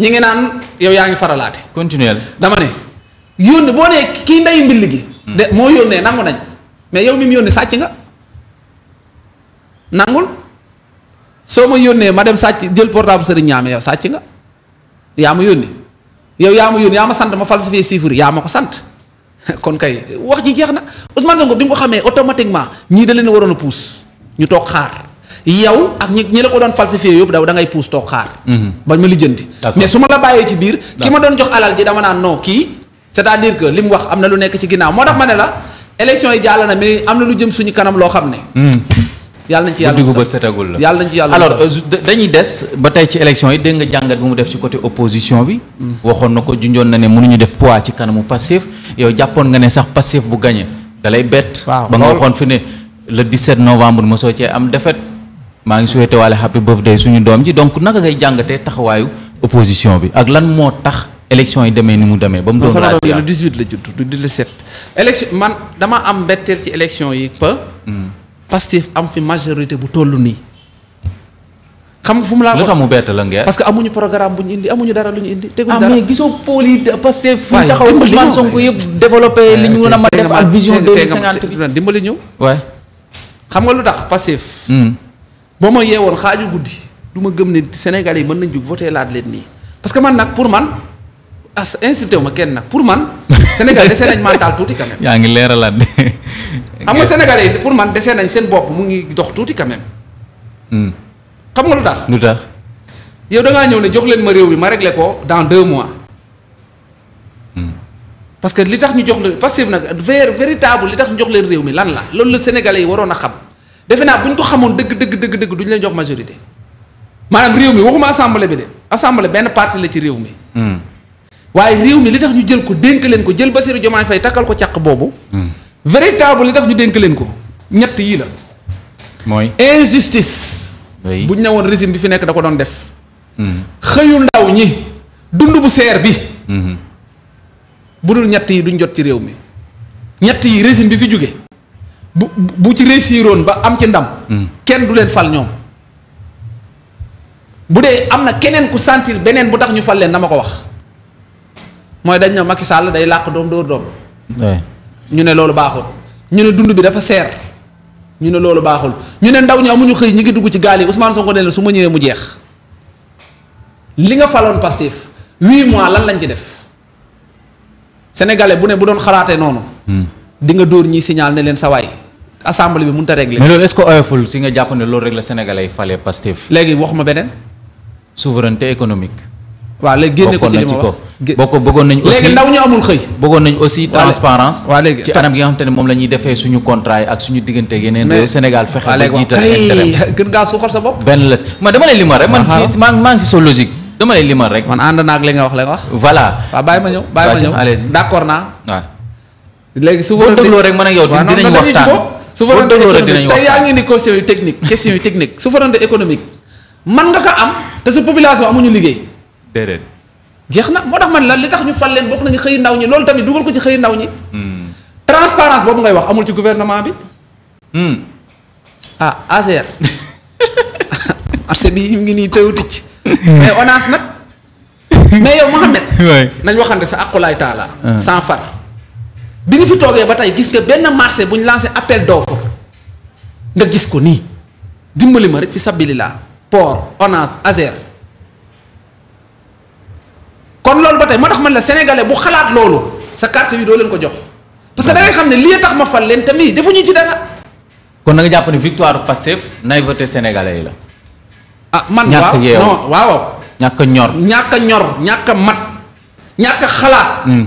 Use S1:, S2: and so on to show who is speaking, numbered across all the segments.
S1: ñi ngi naan yow yaa ngi faralaate. continuel dama ne yónni boo nee kii ndey mbill gi. Hmm. de moo yónnee nangu nañ mais yow mi mu yónni sàcc nga nangul soo ma yónnee ma dem sàcc jël portable sëriñ ñaame yow sàcc nga yaa ma yónni yow yaa ma yónni yaa ma sant ma falsifié chiffre yaa ma ko sant kon kay wax ji jeex na Ousmane Sonko bi mu ko xamee automatiquement ñii da leen waroon a puus ñu toog xaar. yow ak ñi ñi la ko doon falsifié yëpp daw da ngay puus toog xaar. Mhm. bañ ma lijjanti. mais su ma la bàyyee ci biir. ki ma doon jox alal ji dama naan non kii. c'est-à-dire que li wax am na lu nekk ci ginnaaw moo tax ma ne la élection yi jàll na mais am na mhm. la yàlla nañ ci yàlla alors
S2: euh, dañuy des ba tey ci élection yi dégg nga jàngat mu def ci côté opposition bi. Mhm. waxoon na ko junjoon na ne mënuñu def poids ci kanamu passif yow jàppoon nga ne sax passif bu gagné da lay bett. ba nga waxoon fi ne le 17 novembre mosoo cee am défaite. maa ngi souhaité waale happy birthday suñu doom ji donc naka ngay jàngatee taxawaayu opposition bi ak lan moo tax élection yi demee ni mu demee. ba mu doon laaj sama doom
S1: ji la judd du man dama am mbetteel ci élection yi pa hmm. Pastef am fi majorité bu toll nii. xam nga fu mu laa lu tax mu la parce que amuñu programme bu ñu indi dara lu ñu indi. que. Ah,
S2: yëpp développé eh, li ñu mën a ma ak vision 2050
S1: bi dimbali xam nga lu tax Pastef. Hmm. ba ma yeewoon xaaju guddi du ma gëm ne Sénégalais yi mën nañ jug voté laat leen nii parce que man nag pour man as ah, incité wu ma kenn nag pour man. Sénégal dese nañ mental tuuti quand même.
S2: yaa ngi leeralaat de.
S1: xam nga Sénégalais yi pour man dese nañ seen bopp mu ngi dox tuuti quand hmm. xam nga lu tax. lu tax. yow dangaa ñëw ne jox leen ma réew bi ma réglé ko dans deux mois. Hmm. parce que li tax ñu jox leen passif nag véritable li tax ñu jox leen réew mi lan la loolu la sénégalais yi waroon a xam. defe naa bu ñu ko xamoon dëgg dëgg dëgg dëgg du ñu leen jox majorité maanaam réew mi waxuma assemblée bi de assemblée benn parti la ci réew mi. Hmm. waaye réew mi li tax ñu jël ko dénk leen ko jël ba Bassirou Diomaye Faye takkal ko càq boobu. Hmm. véritable li tax ñu dénk leen ko ñett yii la. mooy injustice. bu ñu ne woon régime bi fi nekk da ko doon def. Hmm. xëyu ndaw ñi dund bu seer bi. bu dul ñett yi duñ jot ci réew mi ñett yi régime bi fi jóge bu bu ci réussiroon ba am ci ndam. Hmm. kenn du leen fal ñoom. bu dee am na keneen ku sentir beneen bu tax ñu fal leen dama ko wax mooy dañ ne Macky Sall day làq doom dóor doom. ñu ne loolu baaxul. ñu ne dund bi dafa seer. ñu ne loolu baaxul ñu ne ndaw ñi amuñu xëy ñi ngi dugg ci gaal yi Ousmane Sonko ne la su ma ñëwee mu jeex. li nga faloon Pastef huit mois lan lañ ci def sénégalais bu ne bu doon xalaatee noonu. Hmm. di nga dóor ñi signal ne leen sa waay assemblée bi mënut a régler. mais
S2: loolu est-ce oyoful si nga jàpp ne loolu rek la Sénégalais yi fale Pastef. léegi wax ma beneen. souveraineté économique. waaw léegi génne ko ci li ma wax boo ko bëggoon nañ aussi léegi ndaw ñu nañ aussi transparence waaw léegi ci anam gi nga xamante ne moom la defee suñu contrat ak suñu diggante yeneen réew Sénégal fexe ba jiital intérêt
S1: gën ngaa suuxal sa bopp. benn
S2: la man dama lay limal rek man si maa maa ngi si sa logique dama lay limal rek. man
S1: ànd naa ak li nga wax la nga wax. voilà waaw bàyyi ma léegi souveraineté boo dégloo rek man ak yow dinañ waxtaan boo dégloo dinañ waxtaan souveraineté économique tey yaa ngi ni question yu technique question yu man nga ko am te sa population amuñu liggéey. déedéet. jeex na moo tax man la li tax ñu fal leen bokk nañu xëy ndaw ñi loolu tamit dugal ko ci xëy ndaw ñi. Hmm. transparence boobu ngay wax amul ci gouvernement bi. Hmm. ah ASR. marché bi mu ngi nii tëwuti ci. mais ONAS nag. mais yow Mohamed. nañ waxante sa aqulaay taala. Ah. sans far. bi ñu fi toogee ba tey gis nga benn marché buñ ñu lancé appel d'offre nga gis ko nii dimbali ma rek fi sabilillah port ONAS ASER kon loolu ba tey moo tax man la sénégalais bu xalaat loolu sa carte yi doo leen ko jox parce que da xam ne lii tax ma fal leen tamit defuñu ci dara.
S2: kon na nga jàpp ne victoire nay
S1: naïveté sénégalais yi la. ah man waaw non waaw. ñàkk ñor ñàkk ñor ñàkk mat ñàkk xalaat. Mm.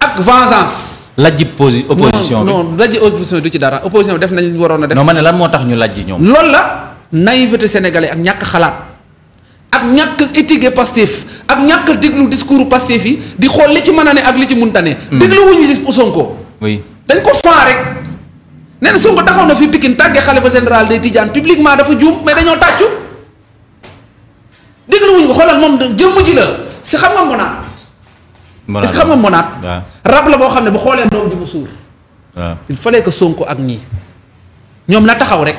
S1: ak vengeance. lajji
S2: posi opposition bi non
S1: non lajji opposition bi du ci dara opposition bi def nañ waroon a def. non ma ne
S2: lan moo tax ñu lajji ñoom. loolu
S1: la naïveté sénégalais ak ñàkk xalaat ak ñàkk éthique Pastef ak ñàkk déglu discours Pastef yi di xool li ci mën a ne ak li ci mënta ne. Hmm. déglu wuñu gis Sonko. oui dañ ko faa rek. nee na Sonko taxaw na fi Pikine tàggee xalifa général des Tidiane publiquement dafa juum mais dañoo tàccu déglu wuñ ko xoolal moom jëmm ji la si xam nga mu
S2: est-ce xam nga monaat.
S1: rab la boo xam ne bu xoolee doom ji mu suur. il fallait que Sonko ak ñii ñoom la taxaw rek.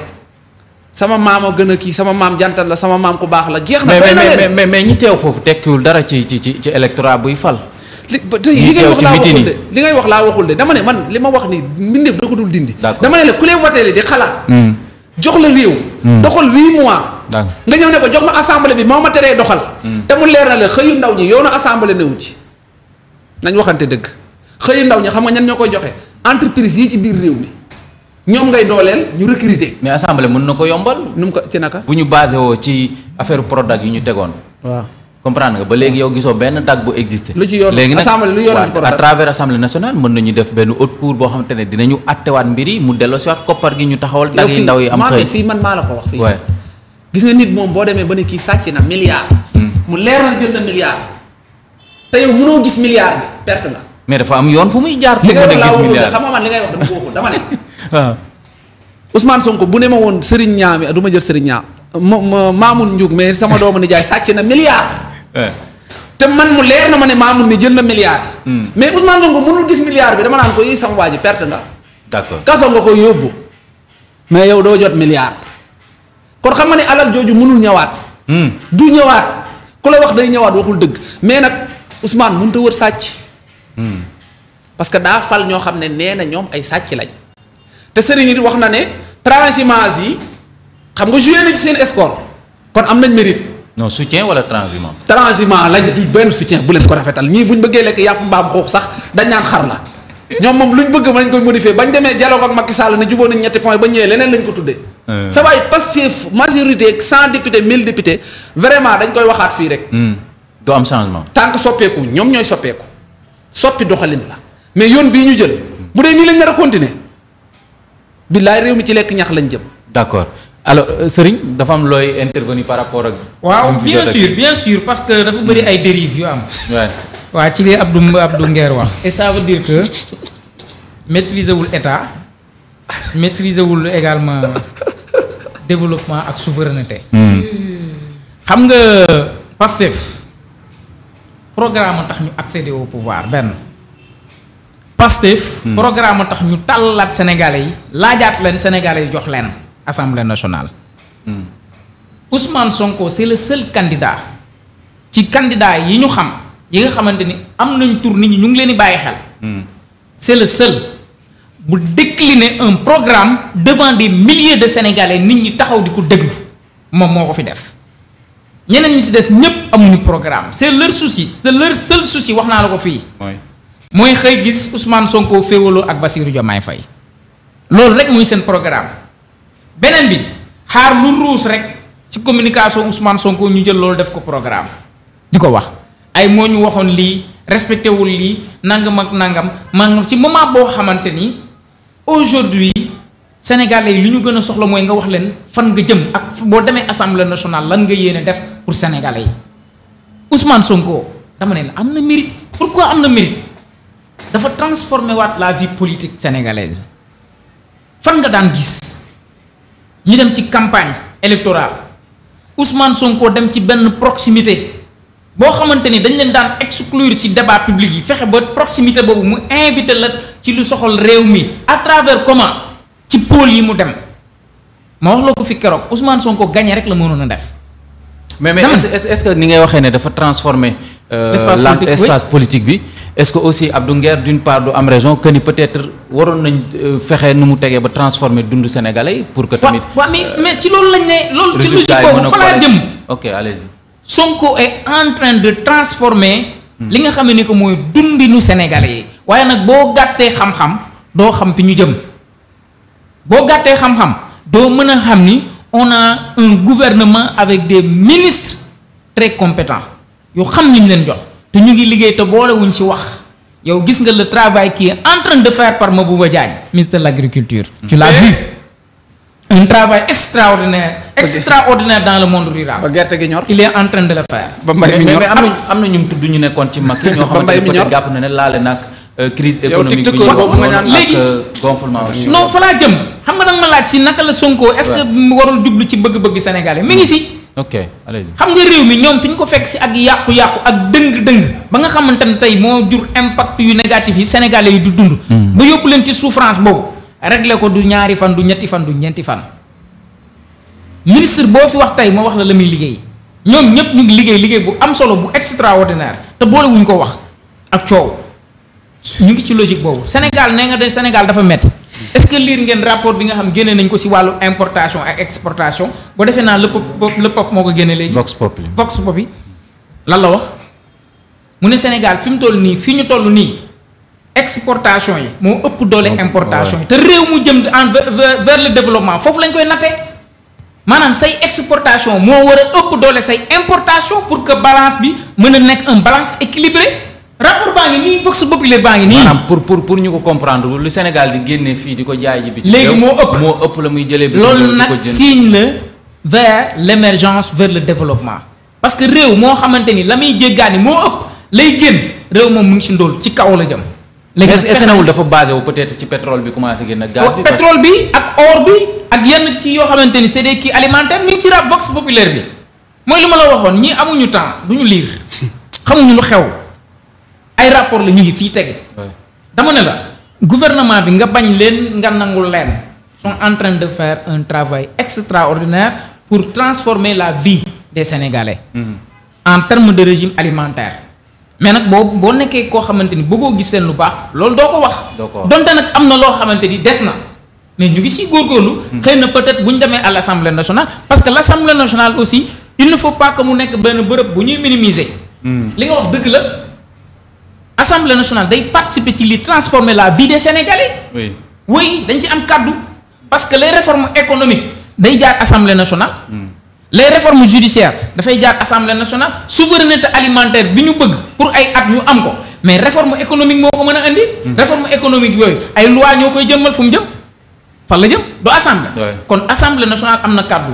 S1: sama maam a gën a kii sama maam jantal la sama maam ku baax la jeex na. doy na mais
S2: mais mais ñi foofu tekkiwul dara
S1: ci ci ci ci électorat buy fal. li ngay wax laa waxul de li ngay wax laa waxul de dama ne man li ma wax ni mbindeef da ko dul dindi. dama ne la ku leen wateel di xalaat. Hmm. jox la réew. Hmm. doxal huit mois. nga ñëw ne ko jox ma assemblée bi moo ma teree doxal. Hmm. te mu leer na la xëyu ndaw ñi yoonu assemblée newu ci. nañ waxante dëgg xëyu ndaw ñi xam nga ñan ñoo koy joxe entreprise yi ci biir réew mi ñoom ngay dooleel ñu recruter. mais assemblée mën na ko yombal.
S2: nu mu ko ci naka. bu ñu basé woo ci affaire Prodac yu ñu tegoon. waaw comprendre nga ba léegi yow gisoo benn dag bu existé. lu ci yoon assemblée lu yoonal Prodac à travers assemblée nationale mën nañu def benn ot cour boo xamante ne dinañu attewaat mbir yi mu delloosiwaat koppar gi ñu taxawal. dag yi ndaw yi am xëy fii
S1: man maa la ko wax. fii gis nga nit moom boo demee ba ne kii sàcc na milliard. Hmm. mu leer jël na milliard. te yow mënoo gis milliard bi perte
S2: mais dafa am yoon fu muy jaar. pour a gis nga
S1: man li ngay wax dama ne. waaw ah. Ousmane bu ne ma woon Serigne Niang mi du ma jël ma ma Mamoun Ndiouk mais sama doomu nijaay sàcc na milliard. Eh. te man mu leer na ma ne Mamoun ni jël na milliard. Hmm. mais Ousmane Sonko mënul gis milliard bi dama naan ko yii sama waa ji perte nga. d'accord kaso nga koy yóbbu. mais yow doo jot milliard. kon xam nga ne alal jooju mënul ñawaat hmm. du ñëwaat ku la wax day ñëwaat waxul dëgg mais nag. Ousmane mënut a wër sàcc. Hmm. parce que daa fal ñoo xam ne nee na ñoom ay sàcc lañ. te sëriñ it wax na ne transhumance yi xam nga joué na ci seen score kon am nañ mérite.
S2: non soutien wala transhumant.
S1: transhumant lañ du benn soutien bu leen ko rafetal ñii bu ñu bëggee lekk yàpp mbaam xuux sax dañ naan xar la ñoom moom lu ñu bëgg lañ koy modifier bañ demee dialogue ak Macky Sall ne jubóo nañ ñetti point ba ñëwee leneen lañ ko tuddee. sa euh. waay passif majorité ak cent député mille député vraiment dañ koy waxaat fii rek. Hmm. du am changement. que soppeeku ñoom ñooy soppeeku soppi doxalin la mais yoon bi ñu jël. bu dee nii lañ nar a continuer. billaay réew mi ci lekk ñax lañ jëm. d'accord alo
S2: euh, Serigne dafa am looy intervenir par rapport ak. waaw bien sûr
S1: bien sûr parce que dafa bëri hmm. ay dérives
S3: yu am. waaw ci li Abdou Abdou Nguer wax. et ça veut dire que maîtriser wul état maîtriser wul également développement ak souveraineté. Hmm. xam nga Pastef. programme a tax ñu accéder au pouvoir benn Pastef hmm. programme a tax ñu tàllaat sénégalais yi laajaat leen sénégalais yi jox leen assemblée nationale hmm. Ousmane Sonko c'est le seul candidat ci candidat yi ñu xam yi nga xamante ni am nañ tur nit ñi ñu ngi leen di bàyyi xel hmm. c'est le seul bu décliner un programme devant des milliers de sénégalais nit ñi taxaw di ko déglu moom moo ko fi def ñeneen ñi si des ñëpp amuñu programme c' est leur souci c' est leur seul wax naa la ko fii. mooy xëy gis Ousmane Sonko féewaloo ak Bassirou Diomaye fay loolu rek muy seen programme beneen bi xaar lu ruus rek ci communication Ousmane Sonko ñu jël loolu def ko programme di ko wax ay moo ñu waxoon lii respecté wul lii nangam ak nangam man ci moment boo xamante ni aujourd'hui sénégalais yi lu ñu gën soxla mooy nga wax leen fan nga jëm ak boo demee assemblée nationale lan nga yéene def. pour sénégalais yi Ousmane Sonko dama ne la am na mérite pourquoi am na mérite dafa transformer waat la vie politique sénégalaise fan nga daan gis ñu dem ci campagne électorale Ousmane Sonko dem ci benn proximité boo xamante ni dañu leen daan exclure ci débat public yi fexe ba proximité boobu mu invité la ci lu soxal réew mi à travers comment ci pôle yi mu dem ma wax la ko fi keroog Ousmane Sonko gagné rek la mënoon a def. mais mais est ni ngay waxee ne dafa transformer
S2: euh, l'espace politique bi est-ce que aussi Abdou Nguer d'une part du am raison que ni peut-être waroon nañ euh, fexe nu mu tegee ba transformer dundu sénégalais pour que tamit
S3: waaw mais euh, mais ci loolu lañ ne loolu ci logique boobu fa laa jëm ok allez-y Sonko est en train de transformer hmm. li nga xam ne ni ko mooy dundinu sénégalais yi waaye nag boo gàttee xam-xam doo xam fi ñu jëm boo gàttee xam-xam doo mën a xam ni on naa un gouvernement avec de ministres très compétent yu xam ni ñu leen jox te ñu ngi liggéey te boolewuñ ci wax yow gis nga le travail qui est en train de faire par Mabouba Diagne ministre de l'agriculture. Mm-hmm. tu l'as vu un travail extraordinaire. extraordinaire dans le monde rural. ba gerte gi ñor il est en de le faire. ba mbay mi ñor am na am na ñu
S2: tudd ñu nekkoon ci mag yi. ñoo xamante ne peut-être jàpp na ne laale nag. Euh, crise économique bi ñu boobu noonu ak euh, gonflement non fa laa jëm
S3: xam nga danga ma laaj si naka la Sonko est warul jublu ci bëgg-bëgg sénégalais mi ngi si. ok xam nga réew mi ñoom fi ñu ko fekk si ak yàqu-yàqu ak dëng-dëng ba nga xamante ne tey moo jur impact yu négatif yi sénégalais yi du dund. Hmm. ba yóbbu leen ci souffrance boobu réglé ko du ñaari fan du ñetti fan du ñeenti fan. ministre boo fi wax tey moo wax la la muy liggéey ñoom ñëpp ñu ngi liggéey liggéey bu am solo bu extraordinaire te boolewuñ ko wax ak coow. ñu ngi ci logique boobu Sénégal nee nga de Sénégal dafa métti est-ce que liir ngeen rapport bi nga xam génne nañ ko si wàllu importation ak exportation boo defee naa la pop le pop moo ko génne léegi. vox pop yi vox pop yi la wax mu ne Sénégal fi mu toll nii fii ñu toll nii exportation yi moo ëpp doole importation yi te réew mu jëm en vers le développement foofu lañ koy nattee maanaam say exportation moo war a ëpp doole say importation pour que balance bi mën a nekk un balance équilibré. rapport baa ngi nii vox populaire baa ngi nii. maanaam
S2: pour pour pour ñu ko comprendre lu Sénégal di génne fii di ko jaay ji. bi ci léegi moo ëpp moo ëpp la muy jëlee. bi loolu nag signe
S3: la vers l' émergence vers le développement. parce que réew moo xamante ni la muy jéggaani moo ëpp lay génn réew moom mu ngi si ndóol ci kaw la jëm. léegi nag dafa
S2: basé wu peut-être ci pétrole bi commencé génn ak. gaz bi pétrole
S3: bi ak or bi ak yenn kii yoo xamante ni c'est des kii alimentaires mi ngi ci rap vox populaire bi mooy li ma la waxoon ñii amuñu temps duñu lire xamuñu lu xew ay rapport la ñu ngi fii tege dama ne la gouvernement bi nga bañ leen nga nangul leen sont en train de faire un travail extraordinaire pour transformer la vie des Sénégalais mmh. en termes de régime alimentaire mais nag boobu boo nekkee koo xamante ni bëggoo gis seen lu baax loolu doo ko wax donte nag am na loo xamante ni des na mais ñu ngi si góorgóorlu mm-hmm. xëy na peut-être bu ñu demee à l'Assemblée nationale parce que l'Assemblée nationale aussi il ne faut nekk benn bërëb bu ñuy minimiser mm-hmm. li nga wax dëgg la assemblée nationale day participer ci li transformer la vie des sénégalais. oui dañ ci am kàddu parce que les réformes économiques day jaar assemblée nationale. Mm. les réformes judiciaires dafay jaar assemblée nationale souveraineté alimentaire bi ñu bëgg pour ay at ñu am ko mais réforme économique moo ko mën a indi. Mm. réforme économique yooyu ay loi ñoo koy jëmmal fu mu jëm fan la jëm du assemblée. kon assemblée nationale am na kàddu.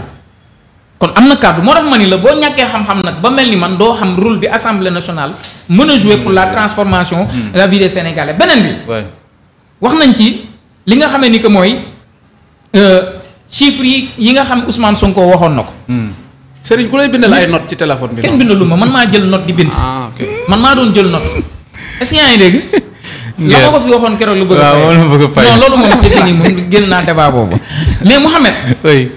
S3: kon am na kàddu moo tax ma ni la boo ñàkkee xam-xam nag ba mel ni man doo xam rôle bi assemblée nationale mën a jouer pour la transformation hmm. de la vie des beneen bi wax nañ ci li nga xamee ni que mooy euh, chiffres yi yi nga xam Ousmane Sonko waxoon na ko hmm. sëriñ ku lay bindal ay
S1: note ci téléphone bi kenn
S3: bindalu ma man maa jël note di bind ah, man maa doon jël note est-ce que la ma ko fi waxoon keroog lu bëgg a fay non loolu moom c'est fini moom génn naa débat boobu mais Mouhamed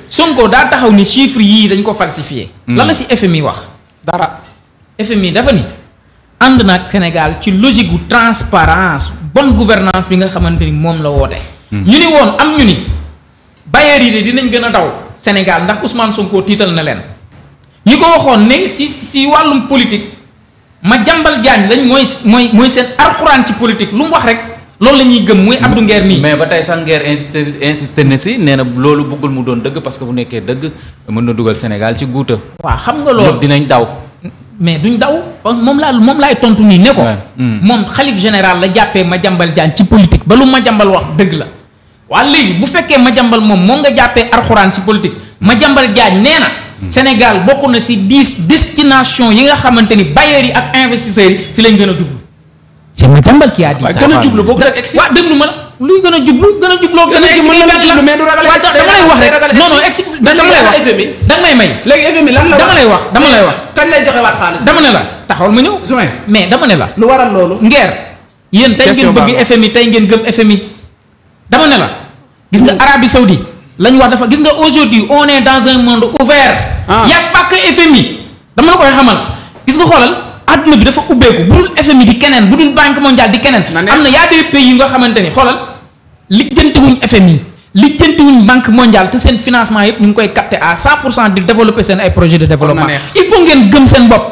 S3: Sonko daa taxaw ni chiffres yii dañ ko falsifié hmm. lan la si FMI wax dara FMI dafa ni ànd nag Sénégal ci logique gu transparence bon gouvernance bi nga xamante ni moom la woote hmm. ñu ni woon am ñu ni bailleurs yi de dinañ gën a daw Sénégal ndax Ousmane Sonko tiital na leen ñi ko waxoon ne si si wàllum politique ma jàmbal jaañ lañ mooy mooy mooy seen arxuraan ci politique lu mu wax rek loolu la ñuy gëm muy Abdou ngeer
S2: nii. mais ba tey sax Nguer insisté insisté si nee na loolu bëggul mu doon dëgg parce que bu nekkee dëgg mën
S3: na dugal Sénégal ci guuta waaw xam nga lool dinañ daw. mais duñ daw parce que moom laa moom laay tontu nii ne ko. Hmm. moom xalif général la jàppee ma jàmbal jaañ ci politique ba lu ma jàmbal wax dëgg la. waa léegi bu fekkee ma jàmbal moom moom nga jàppee arxuraan si politique ma jàmbal jaañ nee na. Sénégal bokk na si dix destination yi nga xamante ni bailleurs yi ak investisseurs yi fi lañ gën a dugg c'est Madiambal qui a dit ça. waaw gën a jublu boog rek exi. la luy gën a
S1: jublu gën a a exi mën na jublu mais du ragal wax rek non non exi. dama lay wax
S3: dama lay may. léegi FMI lan wax dama lay
S1: wax. dama
S3: ne la taxawal ma ñëw. juin mais dama ne la. lu waral loolu. ngeer yéen tey ngeen bëgg FMI tey ngeen gëm FMI dama ne la gis nga Arabie Saoudite lañu wax dafa gis nga aujourd'hui on est dans un monde ouvert. Ah. y a pas que dama la koy xamal gis nga xoolal adduna bi dafa ubbeeku bu dul FMI di keneen bu dul banque mondiale di keneen. am na y a des pays yu nga xamante ni xoolal lijjantiwuñ FMI lijjantiwuñ banque mondiale te seen financement yëpp ñu ngi koy capter à 100 pour cent di développer seen ay projets de développement. il faut ngeen gëm seen bopp.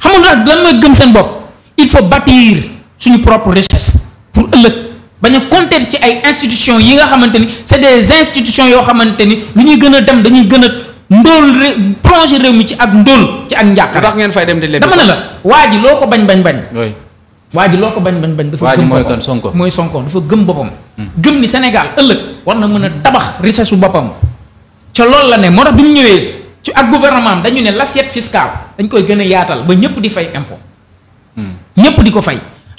S3: xam nga lan mooy gëm seen bopp il faut bâtir suñu propre richesse pour ëllëg. bañ a ci ay institutions yi nga xamante ni c'est des institutions yoo xamante ni lu ñuy gën a dem dañuy gën a ndóol ré plongé réew mi ci ak ndóol ci ak njàkk. ndax ngeen fay dem di dama ne la waa ji loo ko bañ bañ bañ. waa ji loo ko bañ bañ bañ. dafa gëm mooy Sonko mooy Sonko dafa gëm boppam. Hmm. gëm ni Sénégal ëllëg war na mën a tabax richesse su boppam. ca loolu la ne moo tax bi mu ñëwee ci ak gouvernement dañu ne l'assiette fiscale dañ koy gën a yaatal ba ñëpp di fay impo hmm. ñëpp di ko fay.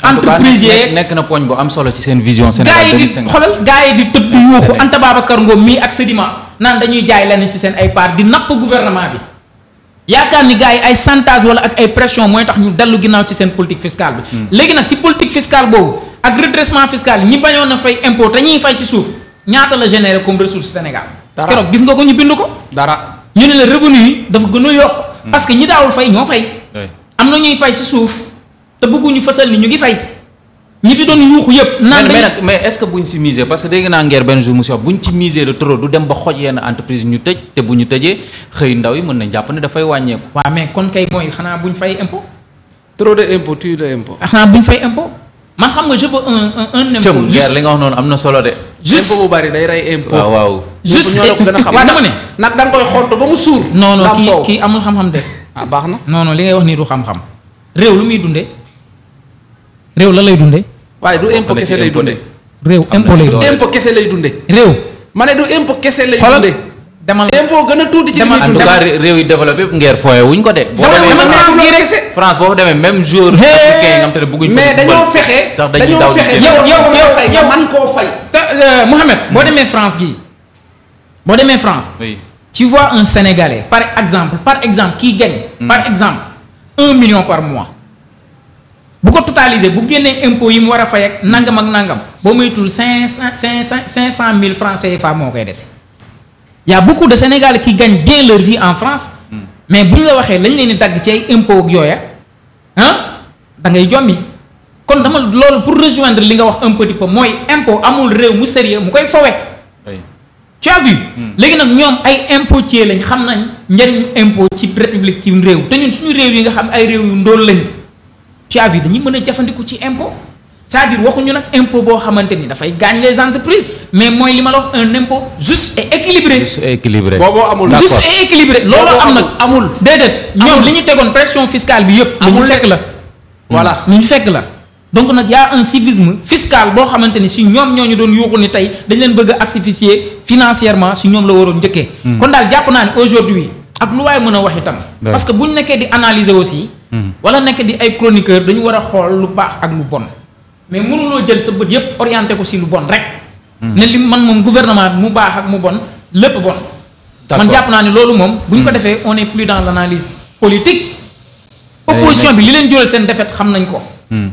S3: entreprise yee
S2: nekk na poñ bu am solo ci seen vision. Sénégal 2050 gars yi di xoolal
S3: gars di tëdd yuuxu Anta Babacar Ngom mii ak Sedima naan dañuy jaay lenn ci seen ay part di napp gouvernement bi. yaakaar ni gars yi ay chantage wala ak ay pression mooy tax ñu dallu ginnaaw ci seen politique fiscale bi. Hmm. léegi nag si politique fiscale boobu ak redressement fiscal ñi bañoon na fay impôt te ñuy fay si suuf ñaata la généré comme ressource Sénégal. dara keroog gis nga ko ñu bind ko. dara ñu ne la revenu yi dafa gën a yokk. Hmm. parce que ñi daawul fay ñoo fay. am na ñuy fay si suuf. te bëgguñu fësal ni ñu ngi fay. ñi fi doon yuuxu yëpp.
S2: mais nag ce que buñ si miser que dégg naa ngeer benn jour monsieur buñ ci miser le trop du dem ba xoj yenn entreprise ñu tëj te bu ñu tëjee
S3: xëy ndaw yi mën nañ jàpp ne dafay wàññeeku. waaw mais kon kay mooy xanaa buñ fay impôt. trop de impôt tuuti de impôt. Ah, xanaa buñ fay impôt man xam nga je veux un un un wax
S2: noonu am na solo
S3: de. bu bari day rey impôt. Ah, waaw
S2: waaw. juste ñoo ko gën a xam
S3: ne. nag da nga koy xont ba mu suur. non kii kii amul xam-xam de. ah baax na non li ngay wax nii du xam-xam réew lu muy dunde
S1: réew la lay dundee. waaye du impôt kese lay dundee. réew impôt lay dundee impôt kese lay dundee. réew. ma ne du impôt kese lay dundee. demal impôt gën a tuuti ci li muy dundee en tout cas
S2: réew yi développé ngeer fooye wuñ ko de. boo
S1: demee
S2: France boo demee même jour. africain yi nga xam te ne bëgguñ mais dañoo fexe sax dañuy
S1: daw yow yow yow fay yow man koo fay. te
S3: euh, Mouhamed boo demee France gii boo demee France. oui tu vois un Sénégalais par exemple par exemple qui gagne. Hmm. par exemple un million par mois. bu ko totaliser bu génnee impôt yi mu war a fay ak nangam ak nangam boo moytuwul cinq cent cinq cent cinq cent mille francs CFA moo koy dese y' a beaucoup de Sénégalais qui gagnent bien leur vie en France. Hmm. mais bu ñu la waxee lañ leen di dagg ci ay impôt ak yooya ah da ngay jommi kon dama loolu pour rejoindre li nga wax un petit peu mooy impôt amul réew mu sérieux mu koy fowe. tu as vu. Hmm. léegi nag ñoom ay impôtier lañ xam nañ njëriñu impôt ci république ci réew te ñun suñu réew yi nga xam ay réew yu ndóol lañ. tuavi dañuy mën a jafandiku ci impo c'est-à-dire waxuñu nag impôt boo xamante ni dafay gaañ les entreprises mais mooy li ma la wax un impôt juste et équilibré.
S2: juste et équilibré booboo amul. juste et
S3: équilibré. looloo am nag déedéet. ñoom li ñu tegoon pression fiscale bi yëpp. amul lu ñu fekk la. voilà ñu fekk la. donc nag yaa a un civisme fiscal boo xamante ni si ñoom ñoo ñu doon yuuxu ni tey dañ leen bëgg a asphyxier financièrement si ñoom la waroon njëkkee. Hmm. kon daal jàpp naa ne aujourd'hui ak lu waay mën a wax itam. parce que wala nekk di ay chroniqueur dañu war a xool lu baax ak lu bon mais mënuloo jël sa bët yépp orienté ko si lu bon rek hmm. ne li man moom gouvernement mu baax ak mu bon lépp bon man jàpp naa ne loolu moom bu ñu ko hmm. defee on est plus dans l' analyse politique
S2: eh opposition bi
S3: li leen jural seen défaite xam nañ ko hmm.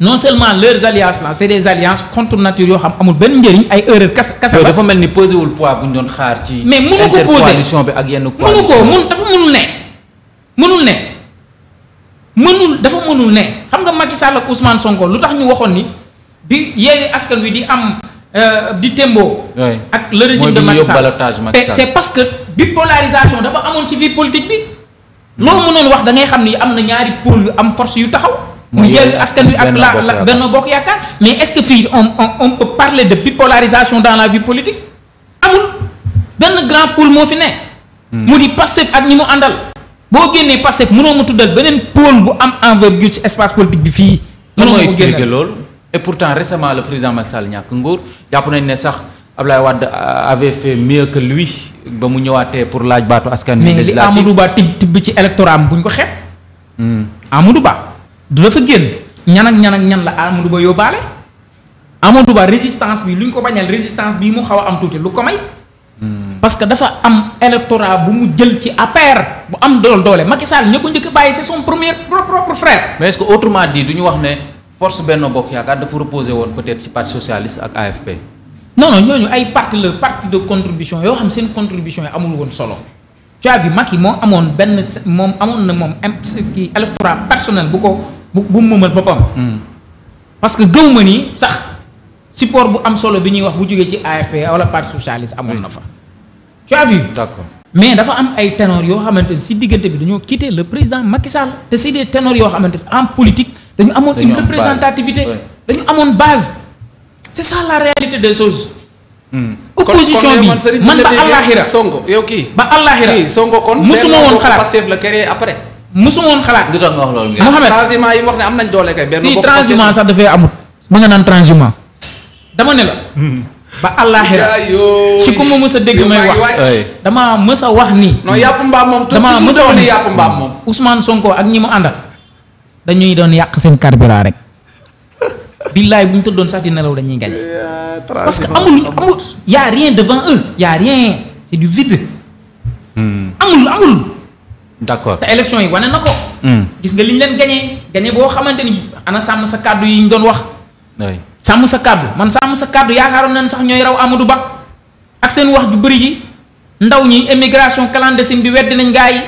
S3: non seulement leurs alliances là c'est des alliances contre nature yoo xam amul benn njëriñ ay erreur kas kasa dafa
S2: mel ni posé wul poids bu ñu doon xaar ci bi ak yenn mënu ko
S3: mënul dafa mënul ne xam nga Macky Sall ak Ousmane Sonko lu tax ñu waxoon ni bi yeeyu askan wi di am euh, di témboo
S2: ak le régime de Macky Sall c'est
S3: parce que bipolarisation dafa amoon ci vie politique bi loo mënoon wax da ngay xam ni am na ñaari pôle yu am force yu taxaw mu yeeyu askan wi ak la la Benno Bokk Yaakaar mais est-ce que fii on on peut parler de bipolarisation dans la vie politique amul benn grand pôle moo fi ne hmm. mu di Pastef ak ñi mu àndal boo génnee Pastef mënoo ma tuddal beneen pôle bu am envergure ci espace politique bi fii. mënoo ma expliquer
S2: loolu. et pourtant récemment la président Macky Sall ñàkk nguur jàpp nañ ne sax Abdoulaye Wade avait fait mieux que lui ba mu ñëwaatee pour laaj baatu askan bi. législative mais li Amadou Ba
S3: tibb tibb ci électorat am bu ñu ko xeeb. Hmm. Amadou Ba du dafa génn ñan ak ñan ak ñan la Amadou Ba yóbbaale. Amadou Ba résistance bi lu ñu ko bañal résistance bi mu xaw a am tuuti lu ko Hmm. parce que dafa am électorat bu mu jël ci APR bu am dool doole Macky Sall ña ko njëkk bàyyi c'est son premier propre frère. mais est-ce que autrement
S2: wax ne force benn Bokk Yaakaar dafa reposer woon peut-être ci parti socialiste ak AFP.
S3: non ñooñu ay parti la parti de contribution yoo xam seen contribution yi amul woon solo tu as vu moo amoon benn moom amoon na moom kii électorat personnel bu ko bu mu mëmal boppam. Hmm. parce que support bu am solo bi ñuy wax bu jógee ci AFP wala parti socialiste amoon na fa. tu as mais dafa am ay ténor yoo xamante ne si diggante bi dañoo quitté le président Macky Sall te si des ténors yoo xamante ne en politique. dañu amoon une représentativité dañu la réalité des choses.
S1: Hmm. opposition bi man ba àllaaxira Sonko yow kii. ba àllaaxira kii woon xalaat Pastef la yi wax ne am nañ doole kay. benn bopp transhumant sax nga naan transhumant.
S3: dama ne la. ba àllaaxira si ku ma mës dégg may wax damaa mës wax ni non yàpp mbaam moom damaa mës wax ni yàpp mbaam moom. Ousmane Sonko ak ñi mu àndal dañuy doon yàq seen carburant rek. billaay bu ñu tëddoon sax nelaw dañuy gañ. parce que amul amul y' a rien y' a rien c' d' accord yi wane na ko. Hmm. gis nga li ñu leen gañee gañee boo xamante ni ana sàmm sa kàddu yi ñu doon wax. sàmm sa kàddu man sàmm sa kàddu yaakaaroon nañ sax ñooy raw amadu Ba ak seen wax ju bëri ji ndaw ñi émigration clandestine bi wedd nañ gaa yi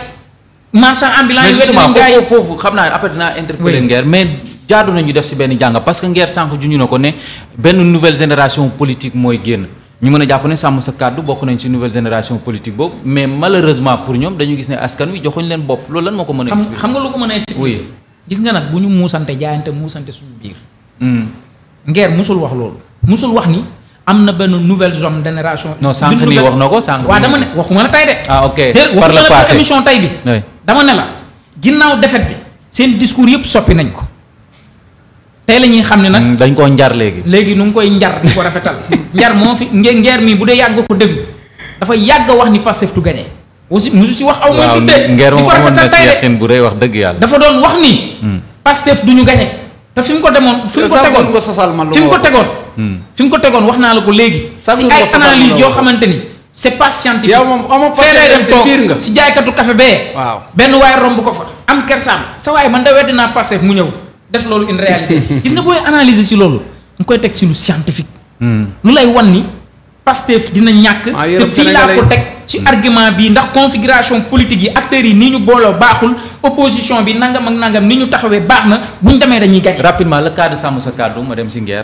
S3: marchand ambulant wedd nañ gaa yi foofu xam naa après dinaa interpeller
S2: Nguer mais jaadu nañu def si benn jàngat parce que Nguer sànq ñu ne ko ne benn nouvelle génération politique mooy génn ñu mën a jàpp ne sàmm sa kàddu bokk nañ ci nouvelle génération politique boobu mais malheureusement pour ñoom
S3: dañu gis ne askan wi joxuñ leen bopp loolu lan moo ko mën a. xam nga lu ko mën a expliquer. gis nga nag bu ñu muusante jaayante muusante suñu biir. Hmm. Nguer musul wax loolu musul wax ni am na benn nouvelle génération. non sànq nii wax na ko sànq. waaw dama ne waxuma la tey de.
S2: ah ok par le passé émission
S3: tey bi. dama ne la ginnaaw defet bi seen discours yëpp soppi nañ ko. tey la ñuy xam ne nag mm, dañ koo njar léegi. léegi nu ngi koy njar di ko rafetal njar moo fi Nguer mii bu dee yàgg ko dëgg dafa yàgg a wax ni Pastef du gagné. aussi musu si wax aw. mooy tuddee ngeer ko rafetal tey de moom amoon na
S2: si bu rëy wax dëgg yàlla. dafa doon wax ni. Mm.
S3: Pastef du ñu gagné. te fi mu ko demoon fi mu ko tegoon man fi mu ko tegoon hmm. fi ko tegoon wax naa la ko léegi si ay analyse yoo xamante ni c'est pas scientifique yow moom
S1: amoo fee lay dem toog si
S3: jaaykatu café bee waaw benn waay romb ko fa am kersaam sa waay man da wedd naa passé mu ñëw def loolu une réalité gis nga booy analyser si loolu nga koy teg si lu scientifique hmm. lu lay wan ni Pastef dina ñàkk. Ah, te fii laa ko teg ci argument bi ndax configuration politique yi acteurs yi ni ñu booloo baaxul opposition bi nangam ak nangam ni ñu taxawee baax na bu ñu
S2: demee dañuy gañ. rapidement le cas sàmm sa kàddu ma dem si ngeer